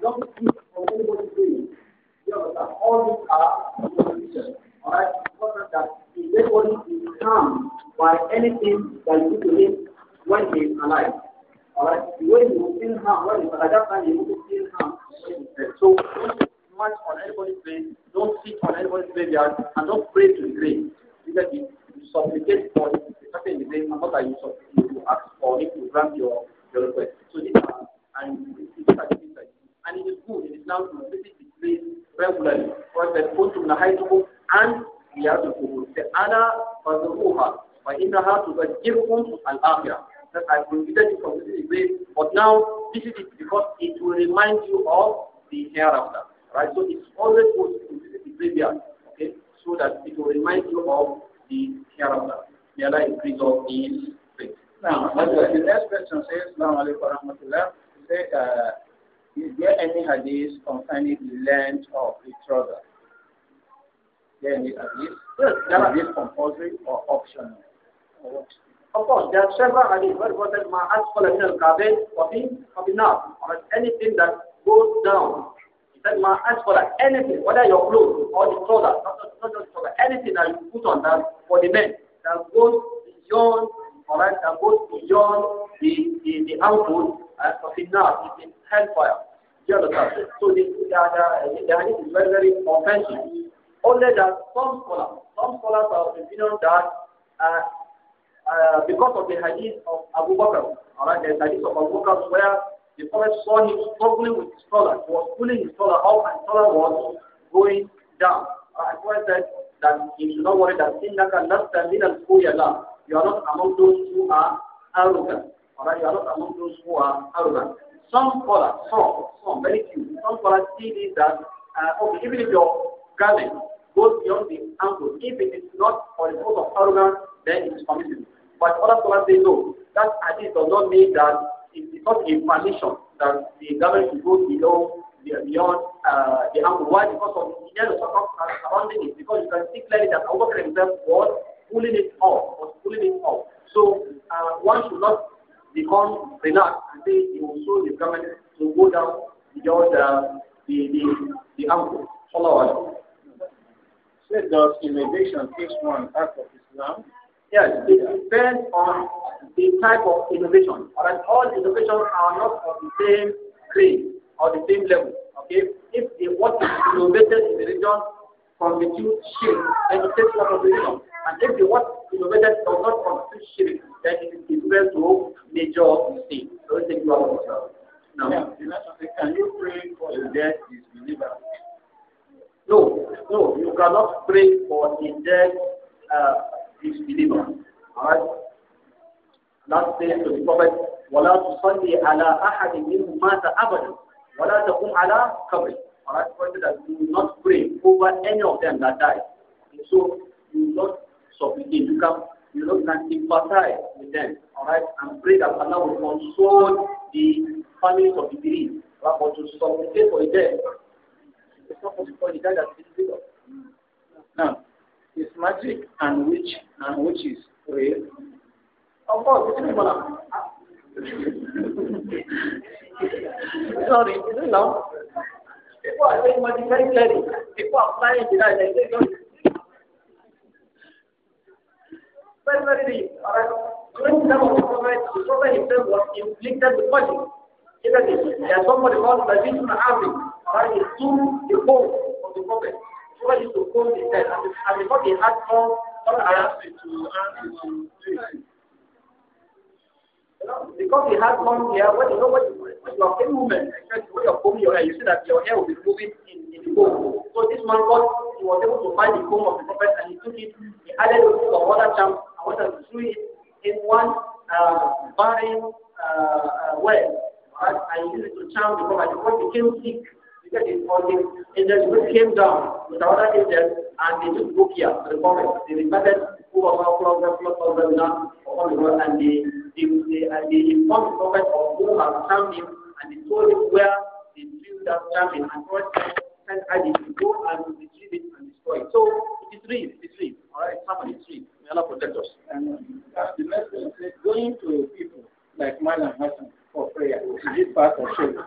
don't speak for anybody saying, you know, that all these are conditions. Alright? Important that if anybody is by anything that you do to him when he is alive. Alright? When he was in when he was at that time, So don't march on anybody's grave, don't sit on anybody's graveyard, and don't pray to the grave. Because you supplicate for the person in the grave, you supplicate, you ask for him to grant your, your request. So these are, and these are it is good in Islam to visit the place regularly. For the kuntum nahaytukum and riyatul kubur. Say, ana fadruha fa innaha tuzakkirukum al area That I prohibited you from visiting the grave, but now visit it because it will remind you of the hereafter. Right? So it's always good to visit the graveyard, okay? So that it will remind you of the hereafter. May Allah increase of these things. Now, the next question says, Assalamu alaikum wa rahmatullah. Say, uh, is there any hadith concerning the length of the trouser? There any hadith? Yes, there are hadith compulsory or optional. Or of course, there are several hadith where God says, "Ma asfal min al kabel wa min kabinab," or anything that goes down. He said, for asfal anything, whether your clothes or the trouser, not just, not just trouser, anything that you put on that for the men that goes beyond, all right, that goes beyond the the, the output uh, as of the nab, it's in hellfire." So this hadith is very, very offensive. Only that some scholars, some scholars are the opinion that uh, uh, because of the hadith of Abu Bakr, alright, the hadith of Abu Bakr where the Prophet saw him struggling with his collar, he was pulling his collar out and collar was going down. Uh, the Prophet said that he should not worry that Sinnaka Nasta Minal Kuyala, you are not among those who are arrogant. Alright, you are not among those who are arrogant. Some scholars, some, some, very few, some scholars see this that, uh, okay, even if your garment goes beyond the ankle, if it is not for the cause of arrogance, then it is permissible. But other scholars say no, that at hadith does not mean that it is not a permission that the garment should go below beyond uh, the ankle. Why? Because of the yellow circumstance surrounding it. Because you can see clearly that Abu Bakr himself was pulling it off, was pulling it off. So uh, one should not become relaxed and say will soon become to go down beyond the the the ankle. Allah Said does innovation is one part of Islam? Yes, it depends on the type of innovation. All right, all innovations are not of the same grade or the same level. Okay, if, if what is innovated in the region constitute shirk, and the takes of religion. And if the word innovated does not constitute shirk, then it is equivalent to major sin. So it's you out of yourself. Now, can you pray for the dead disbeliever? No, no, you cannot pray for the dead uh, disbeliever. Alright? Last day to the Prophet, وَلَا تُصَلِّي عَلَىٰ أَحَدٍ مِنْهُمْ مَاتَ أَبَدًا وَلَا تَقُمْ عَلَىٰ قَبْرِهِ Alright, pray that you will not pray over any of them that die. And so you will not supplicate. You can you will not sympathize with them. Alright, and pray that Allah will console the families of the bereaved. But to supplicate for the dead, it's not possible for the guy that is difficult. Now, is magic and witch and witches real? Of course, it's not. Sorry, you know. People are doing modification. People are planning to die. They say, Primarily, during time the Prophet, the Prophet himself was called Majid ibn Abi, that is to the home of the Prophet. The Prophet to hold his head, and before he had come, all Arabs to answer to it. Because he had come here, when nobody your hair movement, especially when you're combing your hair, you see that your hair will be moving in, in the comb. So this man got, he was able to find the comb of the prophet and he took it, he added it to another charm and went and threw it in one uh, um, barren uh, uh, well. Right? And he used it to charm the prophet. The prophet became sick because his body, and then he came down with another angel and they took Bukia to the prophet. They repented who was our prophet, and they, they, they, and they informed the prophet of who had charmed him and they told it where the drew that garment and God I Ali to go and retrieve it and destroy it. So it is real, it is real. Alright, family, it's real. May are protect us. And uh, the message is going to people like and husband for prayer. Is part of shame?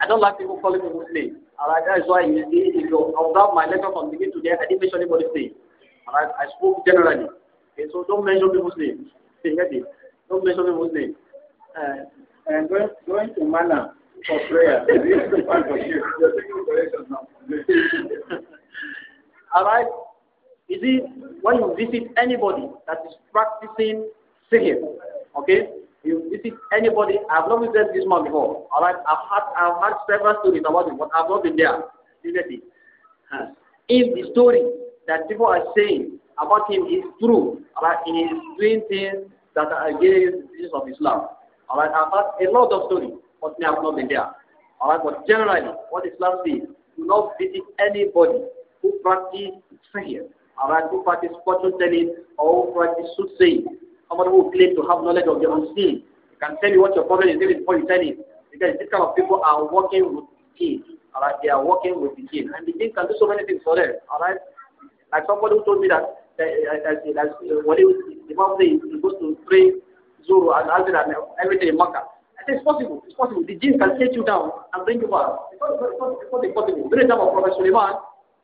I don't like people calling me Muslim. Alright, that is why you see, if you observe my letter from beginning to end, I didn't mention anybody's name. Alright, I spoke generally. Okay, so don't mention people's name. get it? Don't mention people's name. Uh, and uh, going, going to Mana for prayer. this is the part you. All right. You see, when you visit anybody that is practicing sihir, okay, you visit anybody, I've not visited this man before, all right, I've had, I've had several stories about him, but I've not been there, seriously. If the story that people are saying about him is true, all right, he is doing things that are against the teachings of Islam, Alright, I've heard a lot of stories, but may have not been there. Alright, but generally, what Islam says, do not visit anybody who practice sahir. Alright, who practice fortune telling or who practice soothsaying. Someone who claims to have knowledge of the unseen can tell you what your problem is even before you tell it. Because these kind of people are working with the king. Alright, they are working with the king. And the king can do so many things for them. Alright. Like somebody who told me that as, as, as, he, the Imam says, he goes to pray Zuru, Al Azra, every day in Makkah. I said, it's possible, it's possible. The jinn can set you down and bring you back. It's not, it's not, it's not impossible. During the time of Prophet Suleiman,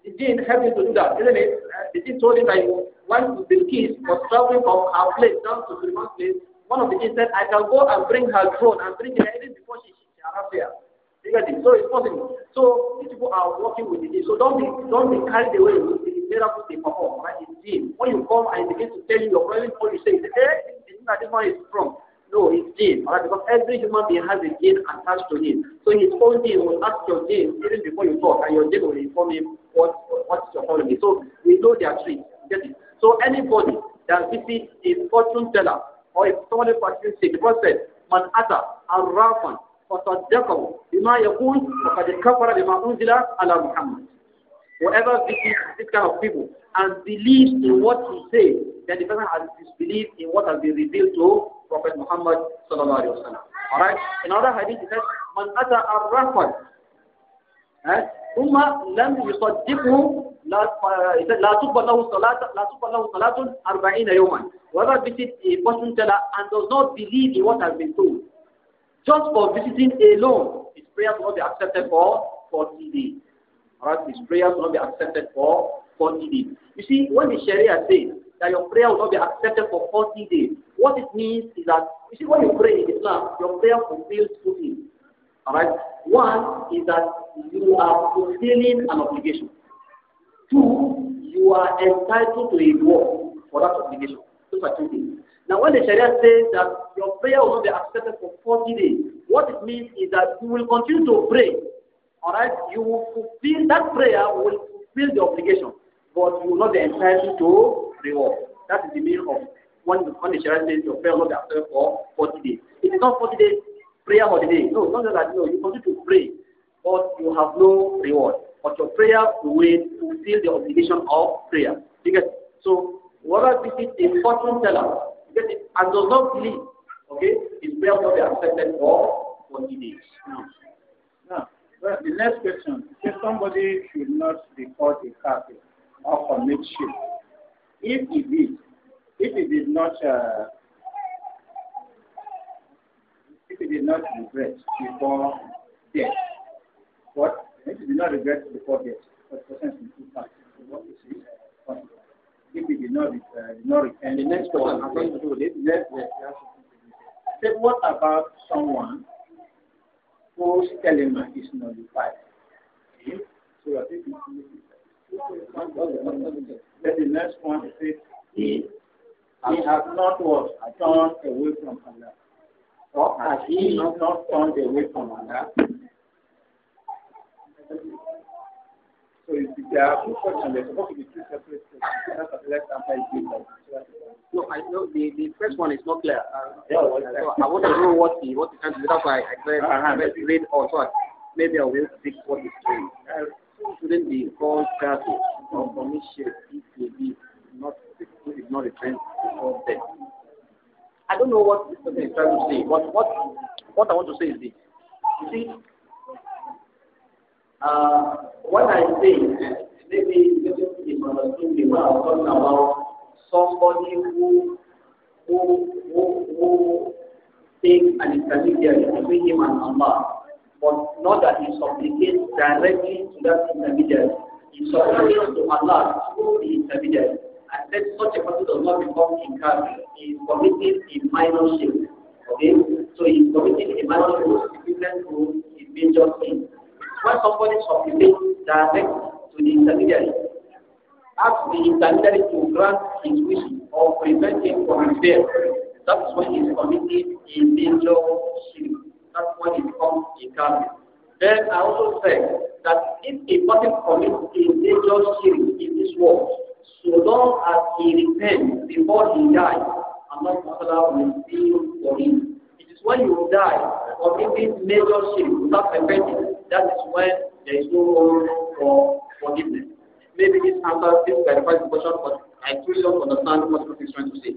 the jinn helped him to do that, isn't it? Uh, the jinn told him that when Bilkis was traveling from her place down to Suleiman's place, one of the jinn said, I can go and bring her throne and bring her even before she, she arrives here. You get it? So it's possible. So these people are working with the jinn. So don't be, don't be carried away with the miracles they perform, right? It's jinn. When you come and begin to tell you your problem, all you say is, hey, that this one is from. No, it's gene, alright, because every human being has a gene attached to him. So his own gene will ask your gene even before you talk, and your gene will inform him what what's your problem is. So we know their tree. Get it? So anybody that visits a fortune teller or if somebody practices sick, the Prophet said, Man ata arrafan فصدقه بما يقول فقد كفر بما أنزل على محمد. Whoever visits this kind of people and believes in what he says, that the person has disbelieved in what has been revealed to Prophet Muhammad sallallahu alaihi wasallam. All right. In other hadith, it says, "Man ata arrafan, eh, umma, lam yusaddiqhu, la uh, tuqbal lahu salat, la tuqbal lahu salatun arba'ina yawman." Whoever visits a fortune teller and does not believe in what has been told, just for visiting alone, his prayers will not be accepted for 40 days. All right. His prayers will not be accepted for 40 days. You see, when the Sharia says that your prayer will not be accepted for 40 days. What it means is that, you see, when you pray in Islam, your prayer fulfills two things. Alright? One is that you are fulfilling an obligation. Two, you are entitled to a reward for that obligation. Those are two things. Now, when the Sharia says that your prayer will not be accepted for 40 days, what it means is that you will continue to pray. Alright? You will fulfill that prayer, will fulfill the obligation, but you will not be entitled to reward. That is the meaning of when when the Sharia says you pray Lord after for forty days. It is not forty days prayer holiday. No, it's not that no, you continue to pray, but you have no reward. But your prayer will fulfill the obligation of prayer. Because so whether this is a fortune teller, because it and does not believe, okay, his prayer will not be accepted for forty days. No. Now, well, the next question: If somebody should not report a kafir or commit shirk, if it is, if it is not, uh, if it is not regret before death, what? If it is not regret before death, what percent in two parts? What is it? If it is not, uh, not and the next one, I'm going to do it. Yes, yes. Say, what about someone whose telema is nullified? So, I think then the next one is he, he has not Turned away from Allah. Or has he not turned away from Allah? So if there are two questions, they're supposed to be two separate questions. Left and right. No, I know the, the first one is not clear. Uh, yeah, so I want to know what the what the answer is. That's why I read uh-huh. read or so. Uh, maybe I will pick what is true. Uh, Shouldn't be called careful or permission not reference before death. I don't know what this person is trying to say, but what what I want to say is this. You see, uh, what I say, maybe maybe misunderstood me when I was talking about somebody who who who who takes an intermediary between him and Allah, but not that he supplicates directly to that intermediary. He supplicates to Allah through the intermediary. I said such a person does not become incapable. He is committing a minor sin. Okay? So he is committing a minor sin which is to his major sin. When somebody supplicates direct to the intermediary, ask the intermediary to grant his wish or prevent him from his That's when he is committing a major sin. That's when he becomes incapable. Then I also said that if a person commits a major sin in this world, so long as he repents before he dies, Allah Ta'ala will seal for him. It is when you die or committing major sin without repenting, that is when there is no room for forgiveness. Maybe this answer still clarifies the question, but I truly don't understand what Prophet is trying to say.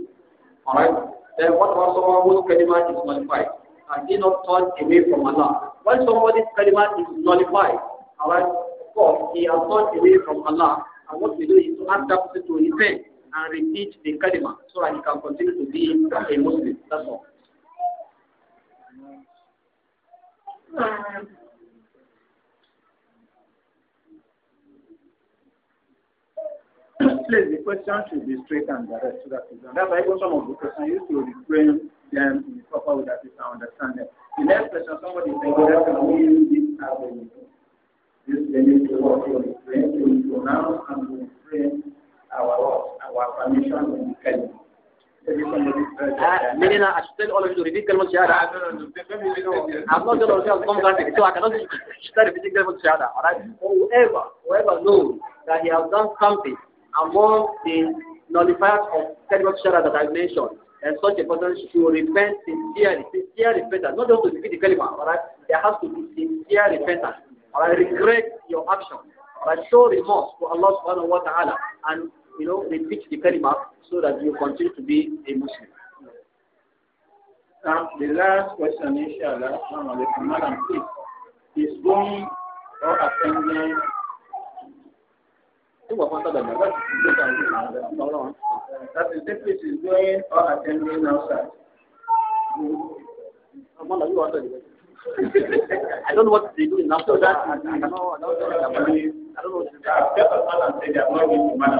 Alright? Then what about someone whose kalima is nullified? Has he not turned away from Allah? When somebody's kalima is nullified, alright, of course, he has turned away from Allah, what we do is to ask to person to repent and repeat the kalima so that he can continue to be a Muslim. That's all. Please, the question should be straight and direct so that it's understood. Because some of the questions used to refrain them in the proper way that people understand them. The next question, somebody is saying, This uh, to what you explain to pronounce and explain our our permission I should tell all of you to repeat Shahada. I'm not going to tell some country, so I cannot start repeating Kalma Shahada. Whoever, whoever knows that he has done something among the nullifiers of Kalma Shahada that I mentioned, and such a person should repent sincerely, sincere repentance, not just to repeat the Kalima, alright? There has to be sincere repentance. I regret your action. I show remorse for Allah subhanahu wa ta'ala and you know repeat the kalima so that you continue to be a Muslim. Now the last question inshallah madam is going or attending that is the place is going or attending outside. I don't know what they do now. After that I don't know. I don't know. I don't know. They do not don't know. man.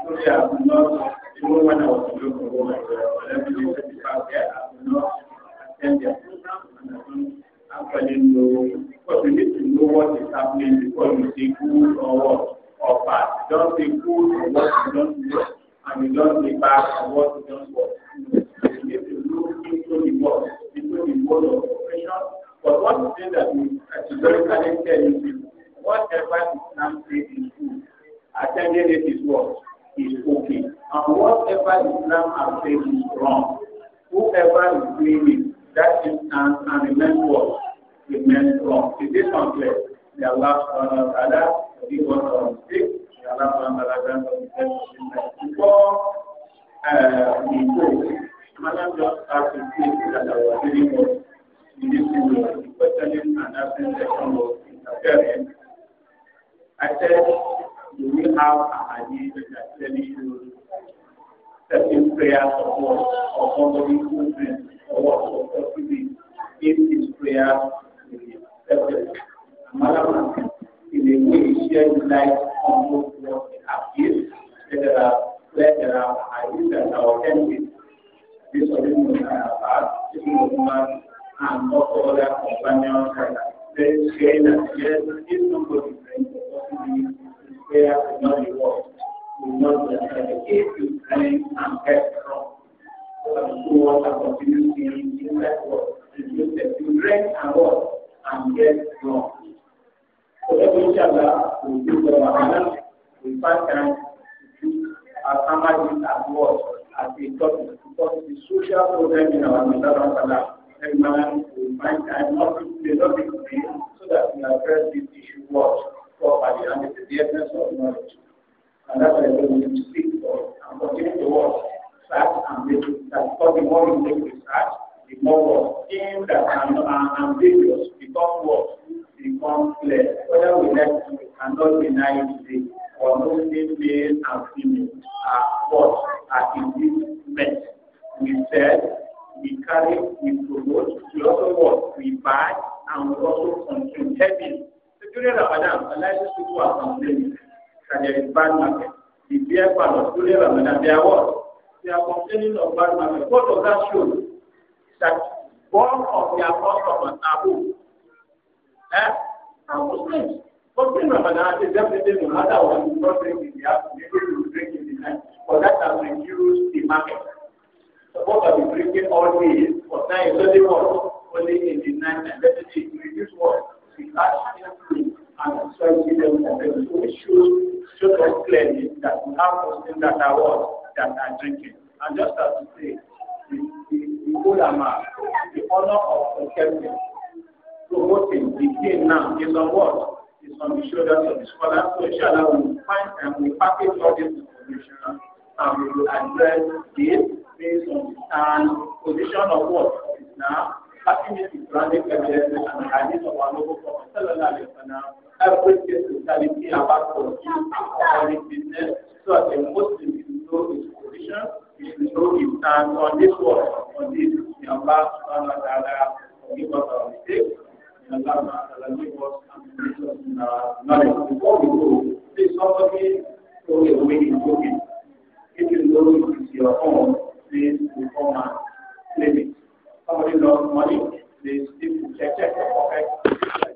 So they do not. Even when I was looking for women, I left the back there. I do not know. attend their program, and I don't actually know. Because we need to know what is happening before we say good or what or bad. Don't say good or what you don't know, and you don't say bad or what you don't want. We need to look into the world, into the world of something that we categorically tell you whatever Islam says is good, attending it is what? Is okay. And whatever Islam has said is wrong, whoever is claiming that is and, and remains what? Remains wrong. Is this unclear? The Allah subhanahu wa ta'ala, the one of the the Allah subhanahu wa ta'ala grants Before uh, we go, Madam just asked the that I was reading for how ahadith that tell you certain prayers support or following movement or what support you if this prayer is accepted. in a way, share light on what we have here. There are where there are that are authentic. This original part, this movement, and not all their companions, they say that yes, if somebody brings prayer you pain and health from. But who wants to continue seeing different words, and And get wrong. So every inshallah, we do the Mahana, we find time to choose our Samadhi as As a topic, because the social program in our Mizan Salah, every man will find and we also consume heavily. So during Ramadan, Allah is people are complaining that there is bad market. The beer palace during Ramadan, they are what? They are complaining of bad market. What does that show? That one of their customers are who? Eh? Are Muslims. But during Ramadan, it's definitely no matter what you don't drink in the afternoon, you drink in the night, but that has reduced the market. Suppose I've been drinking all day for nine, so they want only in the night and let it reduce what? The action and society level of them. So it shows, shows us clearly that we have something that are what? That are drinking. And just as we say, the, the, the ulama, the honor of protecting, promoting the king now is on what? It's on the shoulders of the scholars. So inshallah we will find and we package all this information and we will address this based on the stand position of what is now having this Islamic evidence and hadith of our noble Prophet sallallahu alaihi wasallam, every case totality about organic business, so as a Muslim is know his position, he should know his stand on this world, on this, may Allah subhanahu wa ta'ala forgive us Before we go, please somebody throw you your own, please Somebody lost money, they still check, check the pocket.